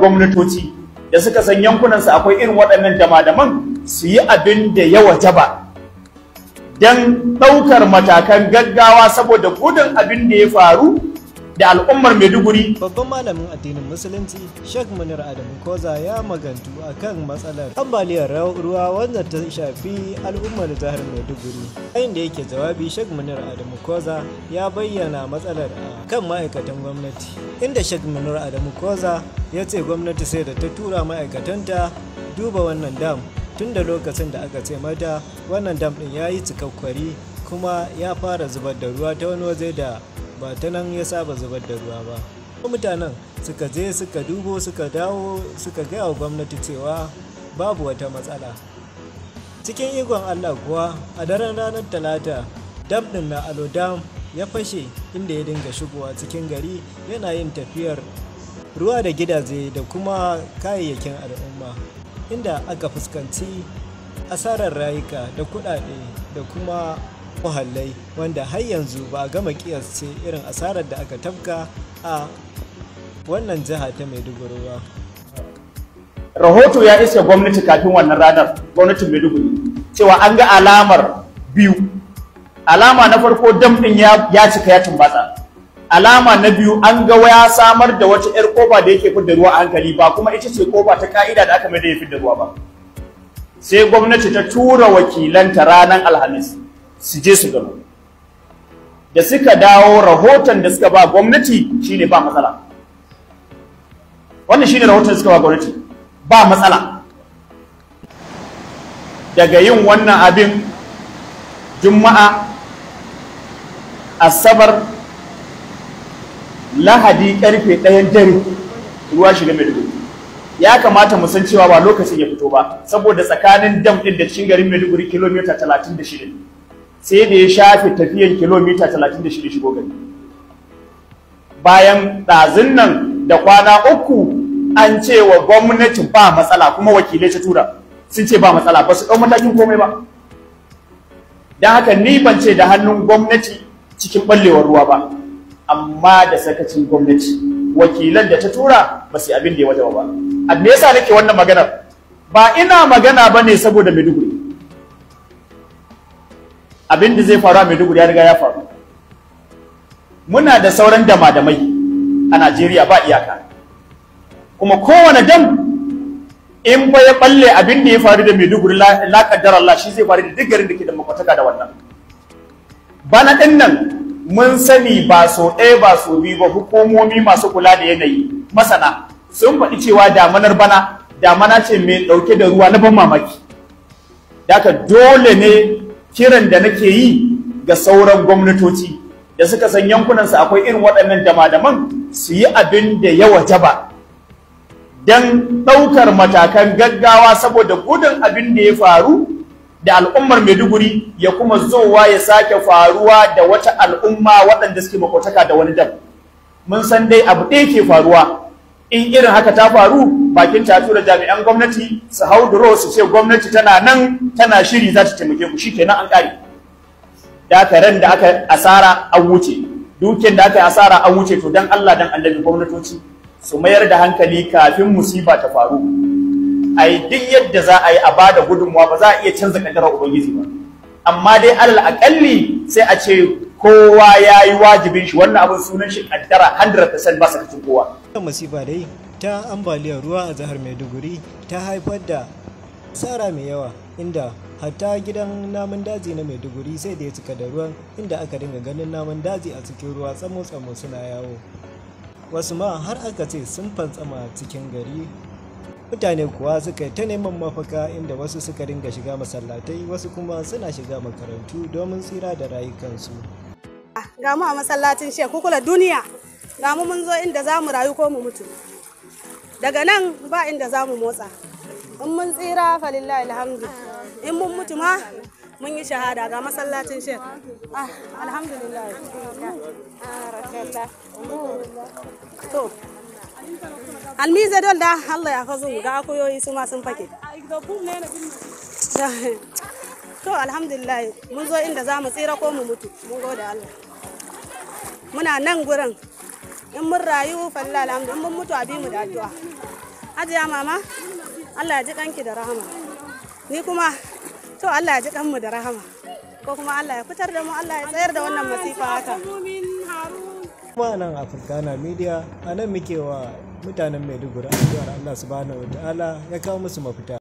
gwamnatoci da suka san yankunansu akwai irin waɗannan damadaman su yi abin da ya wajaba don ɗaukar matakan gaggawa saboda gudun abin da ya faru da al'ummar Maiduguri. Babban malamin addinin Musulunci Sheikh Munir Adamu Koza ya magantu a kan matsalar ambaliyar ruwa wanda ta shafi al'ummar jihar Maiduguri. Yayin da yake jawabi Sheikh Munir Adamu Koza ya bayyana matsalar a kan ma'aikatan gwamnati. Inda Sheikh Munir Adamu Koza ya ce gwamnati sai da ta tura ma'aikatanta duba wannan dam tun da lokacin da aka ce mata wannan dam ɗin ya yi cikakkwari kuma ya fara zubar da ruwa ta wani waje da ba ta nan ya saba zubar da ruwa ba mutanen suka je suka dubo suka dawo suka gaya wa gwamnati cewa babu wata matsala cikin igon allah kuwa a daren ranar talata dam din na alodam ya fashe inda ya dinga shigowa cikin gari yana yin tafiyar ruwa da gidaje da kuma kayayyakin al'umma inda aka fuskanci asarar rayuka da kuɗaɗe da kuma muhallai wanda har yanzu ba gama kiyasce irin asarar da aka tafka a wannan jiha ta maiduguri ba rahoto ya iske gwamnati kafin wannan ranar gwamnatin maiduguri cewa an ga alamar biyu alama na farko dam din ya cika ya tumbatsa alama na biyu an ga ya samar da wata yar koba da yake fidda ruwa a hankali ba kuma ita ce koba ta ka'ida da aka mai da ya fidda ruwa ba sai gwamnati ta tura wakilanta ranar alhamis su je su gano da suka dawo rahoton da suka ba gwamnati shi ne ba matsala wannan shi ne rahoton da suka ba gwamnati ba matsala daga yin wannan abin juma'a asabar lahadi karfe ɗayan dare ruwa shiga maiduguri ya kamata mu san cewa ba lokacin ya fito ba saboda tsakanin dam ɗin da cikin garin maiduguri kilomita talatin da shida sai da ya shafe tafiyar kilomita 36 shigo gari bayan ɗazin nan da kwana uku an ce wa gwamnati ba matsala kuma wakilai ta tura sun ce ba matsala ba su ɗau matakin komai ba don haka ni ban ce da hannun gwamnati cikin ɓallewar ruwa ba amma da sakacin gwamnati wakilan da ta tura ba su abin da ya wajaba ba me yasa nake wannan maganar ba ina magana ba ne saboda maiduguri abin da zai faru a Maiduguri ya riga ya faru muna da sauran damadamai a Najeriya ba iyaka kuma kowane dam in ba ya balle abin da ya faru da Maiduguri la Allah shi zai faru da duk garin da ke da makwataka da wannan bana ɗin nan mun sani ba so ɗaya ba so biyu ba hukumomi masu kula da yanayi masana sun faɗi cewa damanar bana damana ce mai ɗauke da ruwa na ban mamaki daka dole ne kiran da nake yi ga sauran gwamnatoci da suka san yankunansu akwai irin waɗannan dama-daman su yi abin da ya waje ba, don ɗaukar matakan gaggawa saboda gudun abin da ya faru da al'ummar Maiduguri ya kuma zowa ya sake faruwa da wata al'umma waɗanda suke makotaka da wani dam. Mun san dai abu ɗaya ke faruwa in irin haka ta faru bakin tatu da jami'an gwamnati su hau duro su ce gwamnati tana nan tana shiri za ta taimake ku shikenan an kare da aka ran da aka asara an wuce dukin da aka asara an wuce to dan Allah dan annabi gwamnatoci su mayar da hankali kafin musiba ta faru ai duk yadda za a yi a bada gudunmuwa ba za a iya canza kaddarar ubangiji ba amma dai alal akalli sai a ce kowa ya yi wajibin shi wannan abin sunan shi kaddara 100% ba sakacin kowa. musiba dai ta ambaliyar ruwa a jihar maiduguri ta haifar da tsara mai yawa inda hatta gidan namun daji na maiduguri sai da ya cika da ruwan inda aka dinga ganin namun daji a cikin ruwa tsamo-tsamo suna yawo wasu ma har aka ce sun fantsama cikin gari mutane kuwa suka ta neman mafaka inda wasu suka dinga shiga masallatai wasu kuma suna shiga makarantu domin tsira da rayukansu ah, ga mu a masallacin shekukula duniya ga mu mun zo inda za mu rayu ko mu mutu daga nan ba inda za mu motsa in mun tsira falillahi alhamdu in mun mutu ma mun yi shahada ga masallacin shek ah, alhamdulillah to da allah ya fazo ga akuyoyi su ma sun fake to alhamdulillah mun zo inda za mu tsira ko mu mutu mun gode allah muna nan gurin in mun rayu falila alhamdu in mun mutu a mu da addu'a hajiya mama Allah ya ji kanki da rahama ni kuma to Allah ya ji kanmu da rahama ko kuma Allah ya fitar da mu Allah ya tsayar da wannan masifa haka kuma nan afirkana Media a nan muke wa mutanen Maiduguri addu'ar Allah subhanahu ta'ala ya kawo musu mafita